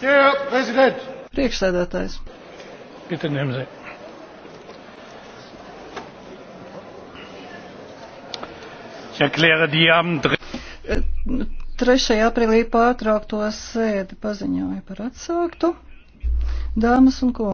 Priekšsēdētājs. Trešajā aprīlī pārtraukto sēdi paziņoja par atsāktu. Dāmas un kungi.